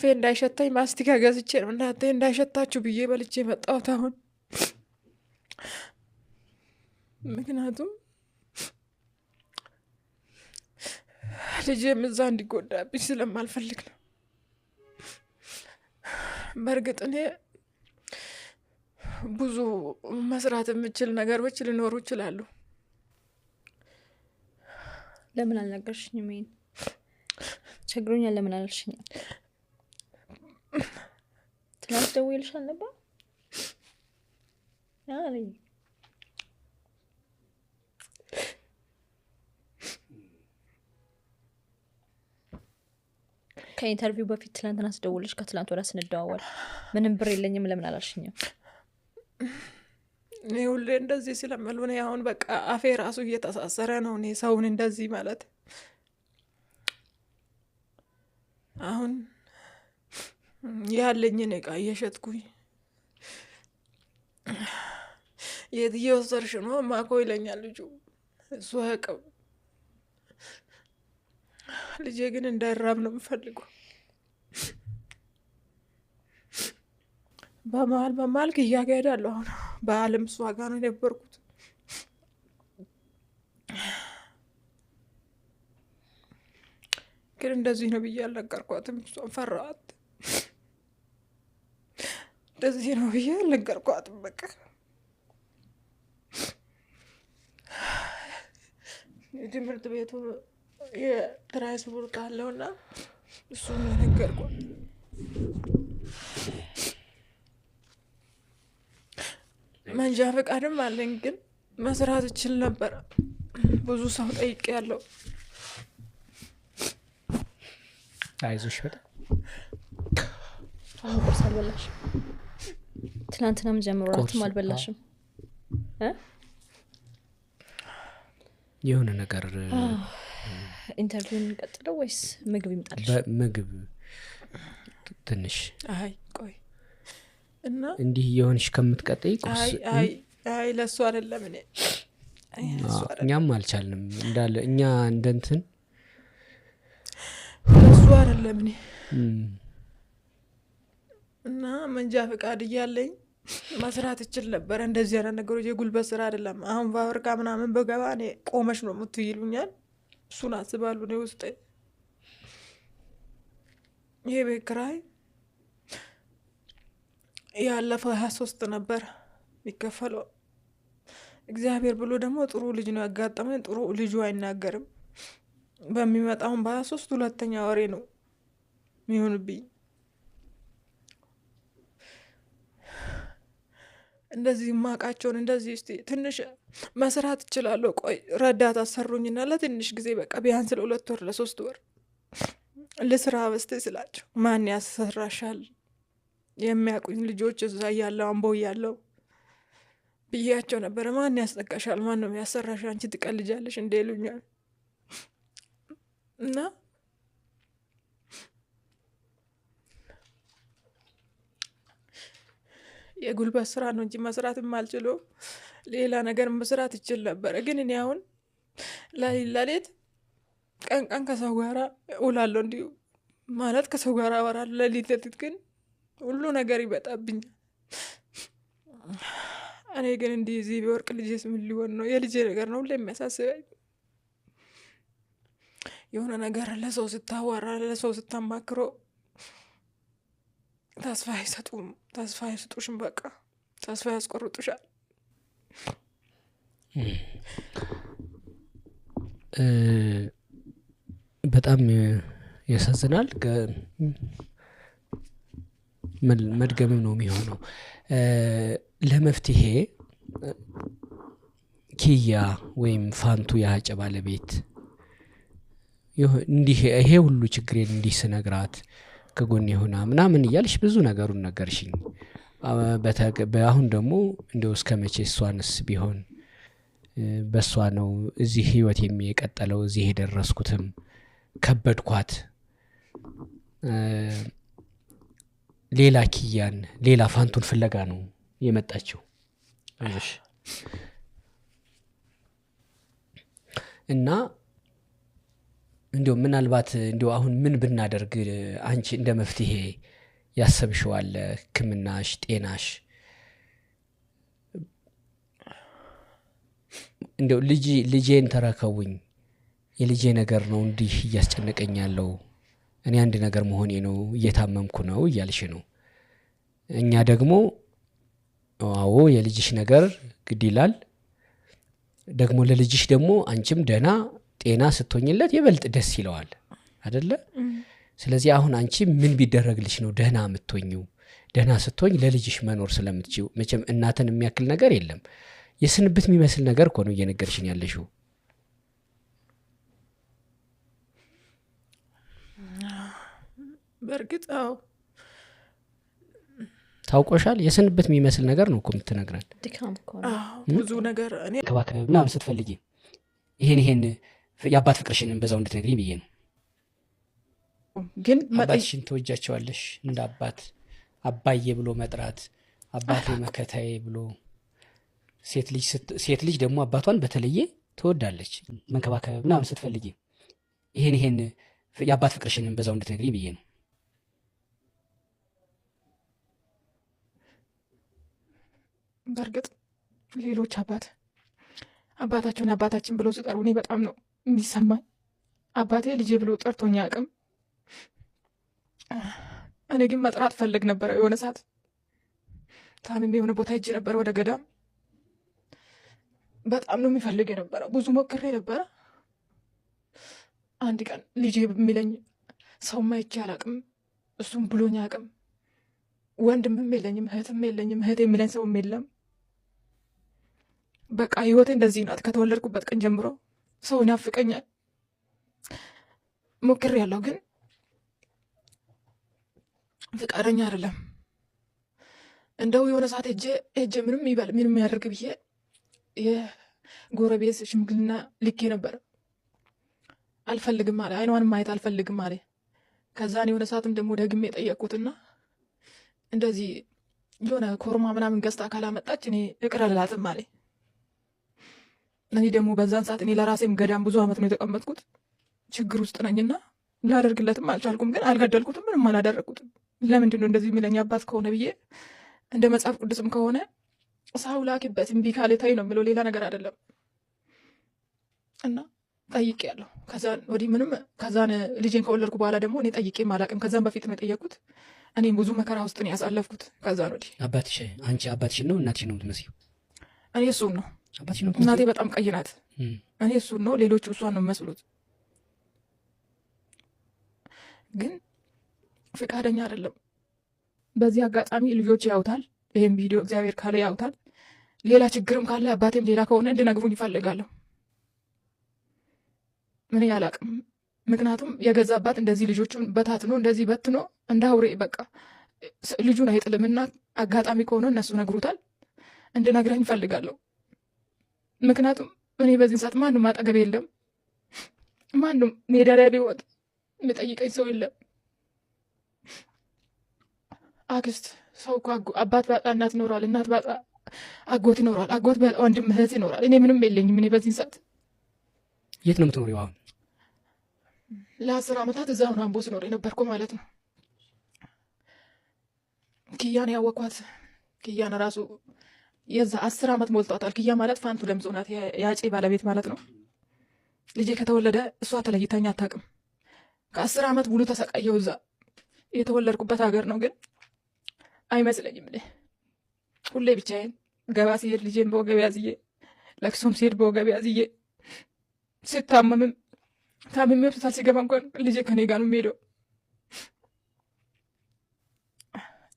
ፌ እንዳይሸታኝ ማስቲካ ገዝቼ ነው እናንተ እንዳይሸታችሁ ብዬ በልቼ መጣሁት። አሁን ምክንያቱም ልጄም እዛ እንዲጎዳብኝ ስለማልፈልግ ነው። በእርግጥ እኔ ብዙ መስራት የምችል ነገሮች ሊኖሩ ይችላሉ። ለምን አልነገርሽኝም? ይሄን ችግሩኛል። ለምን አልሽኛል? ትናንት ደውዬልሻል ነበር አለኝ። ከኢንተርቪው በፊት ትላንትና ስደውልሽ ከትላንት ወዲያ ስንደዋወል ምንም ብር የለኝም ለምን አላልሽኝም? እኔ ሁሌ እንደዚህ ስለምል እኔ አሁን በቃ አፌ ራሱ እየተሳሰረ ነው። እኔ ሰውን እንደዚህ ማለት አሁን ያለኝን እቃ እየሸጥኩኝ የት እየወሰድሽ ነው ማኮ ይለኛል ልጁ። እሱ አያውቅም። ልጄ ግን እንዳይራብ ነው የምፈልገው። በመሀል በመሀል ክያ እሄዳለሁ። አሁን በአለም እሷ ጋር ነው የነበርኩት። ግን እንደዚህ ነው ብዬ አልነገርኳትም። እሷን ፈራዋት። እንደዚህ ነው ብዬ አልነገርኳትም። በቃ የትምህርት ቤቱ የትራንስፖርት አለውና እሱን ነገርኳት። መንጃ ፈቃድም አለኝ፣ ግን መስራት እችል ነበረ። ብዙ ሰው ጠይቅ ያለው አይዞሽ በጣም ትናንትናም ጀምሯትም አልበላሽም የሆነ ነገር ኢንተርቪው እንቀጥለው ወይስ ምግብ ይምጣልሽ ምግብ ትንሽ አይ ቆይ እና እንዲህ የሆንሽ ከምትቀጠይ ቁስይ ለእሱ አደለም እኔ እኛም አልቻልንም እንዳለ እኛ እንደንትን ለእሱ አደለም እኔ እና መንጃ ፈቃድ እያለኝ መስራት እችል ነበር። እንደዚህ አይነት ነገሮች የጉልበት ስራ አይደለም። አሁን ፋብሪካ ምናምን በገባ እኔ ቆመች ነው ይሉኛል። እሱን አስባሉ እኔ ውስጥ ይሄ ቤት ያለፈው ሀያ ሶስት ነበር የሚከፈለው። እግዚአብሔር ብሎ ደግሞ ጥሩ ልጅ ነው ያጋጠመኝ። ጥሩ ልጁ አይናገርም። በሚመጣውን በሀያ ሶስት ሁለተኛ ወሬ ነው የሚሆንብኝ እንደዚህ ማቃቸውን እንደዚህ ስ ትንሽ መስራት እችላለሁ፣ ቆይ ረዳት አሰሩኝና ለትንሽ ጊዜ በቃ ቢያንስ ለሁለት ወር ለሶስት ወር ልስራ በስቴ ስላቸው ማን ያሰራሻል? የሚያውቁኝ ልጆች እዛ እያለው አምቦ እያለው ብያቸው ነበረ። ማን ያስጠቀሻል? ማን ነው አንቺ ትቀልጃለሽ እንደ ይሉኛል እና የጉልበት ስራ ነው እንጂ መስራት የማልችሎ ሌላ ነገር መስራት ይችል ነበረ፣ ግን እኔ አሁን ለሌት ቀን ቀን ከሰው ጋር ውላለው እንዲሁ ማለት ከሰው ጋር አወራለሁ። ለሌት ለሊት ግን ሁሉ ነገር ይበጣብኛል። እኔ ግን እንዲህ እዚህ ቢወርቅ ልጄስ ምን ሊሆን ነው? የልጄ ነገር ነው ሁሌ የሚያሳስበኝ። የሆነ ነገር ለሰው ስታወራ ለሰው ስታማክሮ ተስፋ አይሰጡም። ተስፋ አይስጡሽም። በቃ ተስፋ ያስቆርጡሻል። በጣም ያሳዝናል። መድገምም ነው የሚሆነው። ለመፍትሄ ኪያ ወይም ፋንቱ የሀጨ ባለቤት እንዲህ ይሄ ሁሉ ችግሬን እንዲህ ስነግራት ከጎን የሆና ምናምን እያልሽ ብዙ ነገሩን ነገርሽኝ። አሁን ደግሞ እንደው እስከ መቼ እሷንስ ቢሆን በእሷ ነው እዚህ ህይወት የሚቀጠለው እዚህ የደረስኩትም ከበድኳት ሌላ ኪያን ሌላ ፋንቱን ፍለጋ ነው የመጣችው እና እንዲሁ ምናልባት እንዲሁ አሁን ምን ብናደርግ አንቺ እንደ መፍትሄ ያሰብሽዋለ? ህክምናሽ፣ ጤናሽ እንዲሁ ልጅ ልጄን ተረከቡኝ የልጄ ነገር ነው እንዲህ እያስጨነቀኝ ያለው እኔ አንድ ነገር መሆኔ ነው እየታመምኩ ነው እያልሽ ነው። እኛ ደግሞ አዎ የልጅሽ ነገር ግድ ይላል ደግሞ ለልጅሽ ደግሞ አንቺም ደህና ጤና ስትሆኝለት የበልጥ ደስ ይለዋል አደለ? ስለዚህ አሁን አንቺ ምን ቢደረግልሽ ነው ደህና የምትሆኝው? ደህና ስትሆኝ ለልጅሽ መኖር ስለምትችው መቼም እናትን የሚያክል ነገር የለም። የስንብት የሚመስል ነገር እኮ ነው እየነገርሽን ያለሽ በእርግጥ ታውቆሻል። የስንብት የሚመስል ነገር ነው እኮ የምትነግረን። ብዙ ነገር ከባከብ ምናምን ስትፈልጊ ይሄን ይሄን የአባት ፍቅርሽንም በዛው እንድትነግሪኝ ብዬ ነው። ግን አባትሽን ትወጃቸዋለሽ እንደ አባት አባዬ ብሎ መጥራት አባቴ መከታዬ ብሎ ሴት ልጅ ደግሞ አባቷን በተለየ ትወዳለች መንከባከብ ምናምን ስትፈልጊ ይሄን ይሄን የአባት ፍቅርሽንም በዛው እንድትነግሪኝ ብዬ ነው። በእርግጥ ሌሎች አባት አባታቸውን አባታችን ብሎ ሲጠሩ እኔ በጣም ነው እንዲሰማኝ አባቴ ልጄ ብሎ ጠርቶኝ አቅም እኔ ግን መጥራት ፈልግ ነበረ። የሆነ ሰዓት ታምሜ የሆነ ቦታ ሄጄ ነበረ ወደ ገዳም። በጣም ነው የሚፈልግ የነበረ። ብዙ ሞክሬ ነበረ። አንድ ቀን ልጄ የሚለኝ ሰው ማይቼ አላቅም። እሱም ብሎኝ አቅም ወንድምም የለኝም፣ እህትም የለኝም። እህት የሚለኝ ሰውም የለም። በቃ ህይወቴ እንደዚህ ናት ከተወለድኩበት ቀን ጀምሮ ሰው ይናፍቀኛል። ሞክር ያለው ግን ፍቃደኛ አይደለም። እንደው የሆነ ሰዓት ሄጄ ሄጄ ምንም ይበል ምንም ያደርግ ብዬ የጎረቤት ሽምግልና ልኬ ነበር። አልፈልግም አለ። አይኗንም ማየት አልፈልግም አለ። ከዛን የሆነ ሰዓትም ደግሞ ደግሜ የጠየቅኩትና እንደዚህ የሆነ ኮርማ ምናምን ገዝታ ካላመጣች እኔ እቅር አልላትም አለ። እኔ ደግሞ በዛን ሰዓት እኔ ለራሴም ገዳም ብዙ ዓመት ነው የተቀመጥኩት ችግር ውስጥ ነኝና ላደርግለትም አልቻልኩም። ግን አልገደልኩትም፣ ምንም አላደረግኩትም። ለምንድን ነው እንደዚህ የሚለኝ አባት ከሆነ ብዬ እንደ መጽሐፍ ቅዱስም ከሆነ ሰው ላኪበት እምቢ ካለ ተይ ነው የምለው፣ ሌላ ነገር አይደለም። እና ጠይቄ ያለሁ ከዛን ወዲህ ምንም ከዛን ልጄን ከወለድኩ በኋላ ደግሞ እኔ ጠይቄም አላውቅም። ከዛን በፊት ነው የጠየቅኩት። እኔም ብዙ መከራ ውስጥ ነው ያሳለፍኩት። ከዛን ወዲህ አባትሽ አንቺ አባትሽን ነው እናትሽ ነው የምትመስይው? እኔ እሱም ነው እናቴ በጣም ቀይ ናት። እኔ እሱን ነው ሌሎቹ እሷን ነው የሚመስሉት፣ ግን ፍቃደኛ አይደለም። በዚህ አጋጣሚ ልጆች ያውታል፣ ይህም ቪዲዮ እግዚአብሔር ካለ ያውታል። ሌላ ችግርም ካለ አባቴም ሌላ ከሆነ እንድነግሩኝ ይፈልጋለሁ። ምን አላቅም። ምክንያቱም የገዛ አባት እንደዚህ ልጆቹን በታትኖ እንደዚህ በትኖ እንደ አውሬ በቃ ልጁን አይጥልምና አጋጣሚ ከሆነ እነሱ ነግሩታል። እንድነግረኝ ይፈልጋለሁ። ምክንያቱም እኔ በዚህ ሰዓት ማንም አጠገብ የለም። ማንም ሜዳሪያ ቢወጥ የሚጠይቀኝ ሰው የለም። አክስት ሰው እኮ አባት ባጣ እናት ይኖራል፣ እናት ባጣ አጎት ይኖራል፣ አጎት ባጣ ወንድም እህት ይኖራል። እኔ ምንም የለኝም። እኔ በዚህ ሰዓት የት ነው የምትኖሪው? አሁን ለአስር ዓመታት እዛ እዛውን አምቦ ስኖር የነበርኩ ማለት ነው። ኪያን ያወኳት ኪያን ራሱ የዛ አስር ዓመት ሞልቷታል። ክያ ማለት ፋንቱ ለምጽ ናት፣ የአጬ ባለቤት ማለት ነው። ልጄ ከተወለደ እሷ ተለይታኝ አታውቅም። ከአስር ዓመት ሙሉ ተሰቃየው እዛ። የተወለድኩበት ሀገር ነው ግን አይመስለኝም። እኔ ሁሌ ብቻዬን ገባ ሲሄድ ልጄን በወገብ ያዝዬ፣ ለቅሶም ሲሄድ በወገብ ያዝዬ፣ ስታመምም ታምሜ ሆስፒታል ሲገባ እንኳን ልጄ ከኔ ጋር ነው የሚሄደው።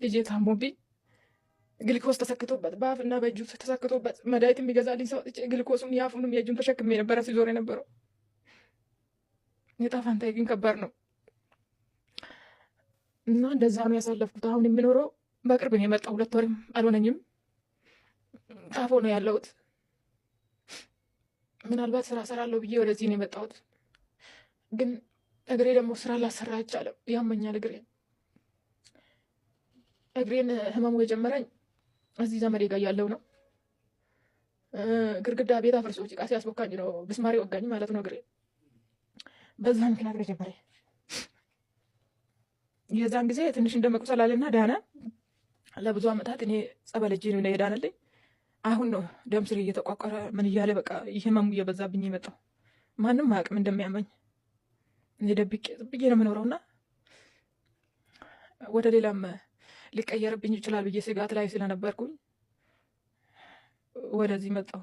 ልጄ ታሞብኝ ግልኮስ ተሰክቶበት እና በእጁ ተሰክቶበት መድኃኒት የሚገዛልኝ ሰው ግልኮሱን የአፉንም የእጁን ተሸክሜ የነበረ ሲዞር የነበረው የዕጣ ፈንታዬ ግን ከባድ ነው እና እንደዛ ነው ያሳለፍኩት። አሁን የምኖረው በቅርብ ነው የመጣው፣ ሁለት ወርም አልሆነኝም። ጣፎ ነው ያለሁት። ምናልባት ስራ ሰራለሁ ብዬ ወደዚህ ነው የመጣሁት። ግን እግሬ ደግሞ ስራ ላሰራ አይቻልም፣ ያመኛል እግሬ እግሬን ህመሙ የጀመረኝ እዚህ ዘመዴ ጋር ያለው ነው። ግርግዳ ቤት አፍርሶ ጭቃ ሲያስቦካኝ ነው ብስማሪ ወጋኝ ማለት ነው እግሬ። በዛ ምክንያት ጀመረ። የዛን ጊዜ ትንሽ እንደመቁሰላልና ዳነ። ለብዙ ዓመታት እኔ ጸበለጅ እጄ ነው የዳነልኝ። አሁን ነው ደም ስር እየተቋቋረ ምን እያለ በቃ ህመሙ እየበዛብኝ የመጣው ማንም አያውቅም እንደሚያመኝ እኔ ደብቄ ብዬ ነው የምኖረውና ወደ ሌላም ሊቀየርብኝ ይችላል ብዬ ስጋት ላይ ስለነበርኩኝ ወደዚህ መጣሁ።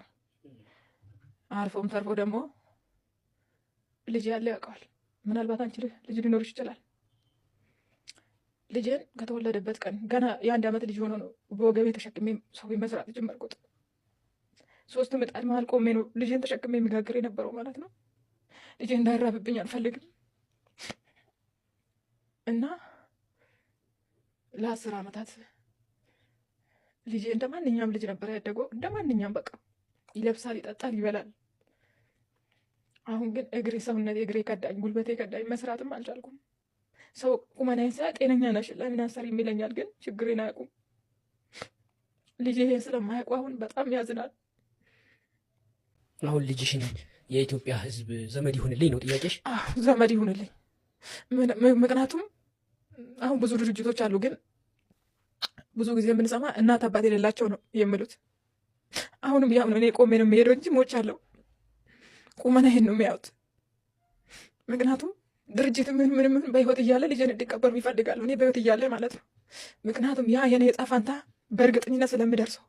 አርፎም ተርፎ ደግሞ ልጅ ያለ ያውቀዋል። ምናልባት አንቺ ልጅ ሊኖርሽ ይችላል። ልጅን ከተወለደበት ቀን ገና የአንድ ዓመት ልጅ ሆኖ ነው በወገቤ ተሸክሜ ሰው መስራት ጀመርኩት። ሶስት ምጣድ መሀል ቆሜ ነው ልጅን ተሸክሜ የሚጋግር የነበረው ማለት ነው። ልጅ እንዳይራብብኝ አልፈልግም እና ለአስር ዓመታት ልጄ እንደ ማንኛውም ልጅ ነበር ያደገው። እንደ ማንኛውም በቃ ይለብሳል፣ ይጠጣል፣ ይበላል። አሁን ግን እግሬ ሰውነት እግሬ ከዳኝ፣ ጉልበቴ ከዳኝ፣ መስራትም አልቻልኩም። ሰው ቁመና ሳ ጤነኛ ነሽ ለምን የሚለኛል፣ ግን ችግሬን አያውቁም። ልጄ ይሄን ስለማያውቁ አሁን በጣም ያዝናል። አሁን ልጅሽን የኢትዮጵያ ሕዝብ ዘመድ ይሁንልኝ ነው ጥያቄሽ? ዘመድ ይሁንልኝ ምክንያቱም አሁን ብዙ ድርጅቶች አሉ፣ ግን ብዙ ጊዜ የምንሰማ እናት አባት የሌላቸው ነው የሚሉት። አሁንም ያም ነው። እኔ ቆሜ ነው የሚሄደው እንጂ ሞች አለው ቁመና ይሄን ነው የሚያዩት። ምክንያቱም ድርጅት ምን ምን ምን በህይወት እያለ ልጅን እንዲቀበሩ ይፈልጋሉ። እኔ በህይወት እያለ ማለት ነው። ምክንያቱም ያ የኔ የጻፋንታ ፈንታ በእርግጠኝነት ስለምደርሰው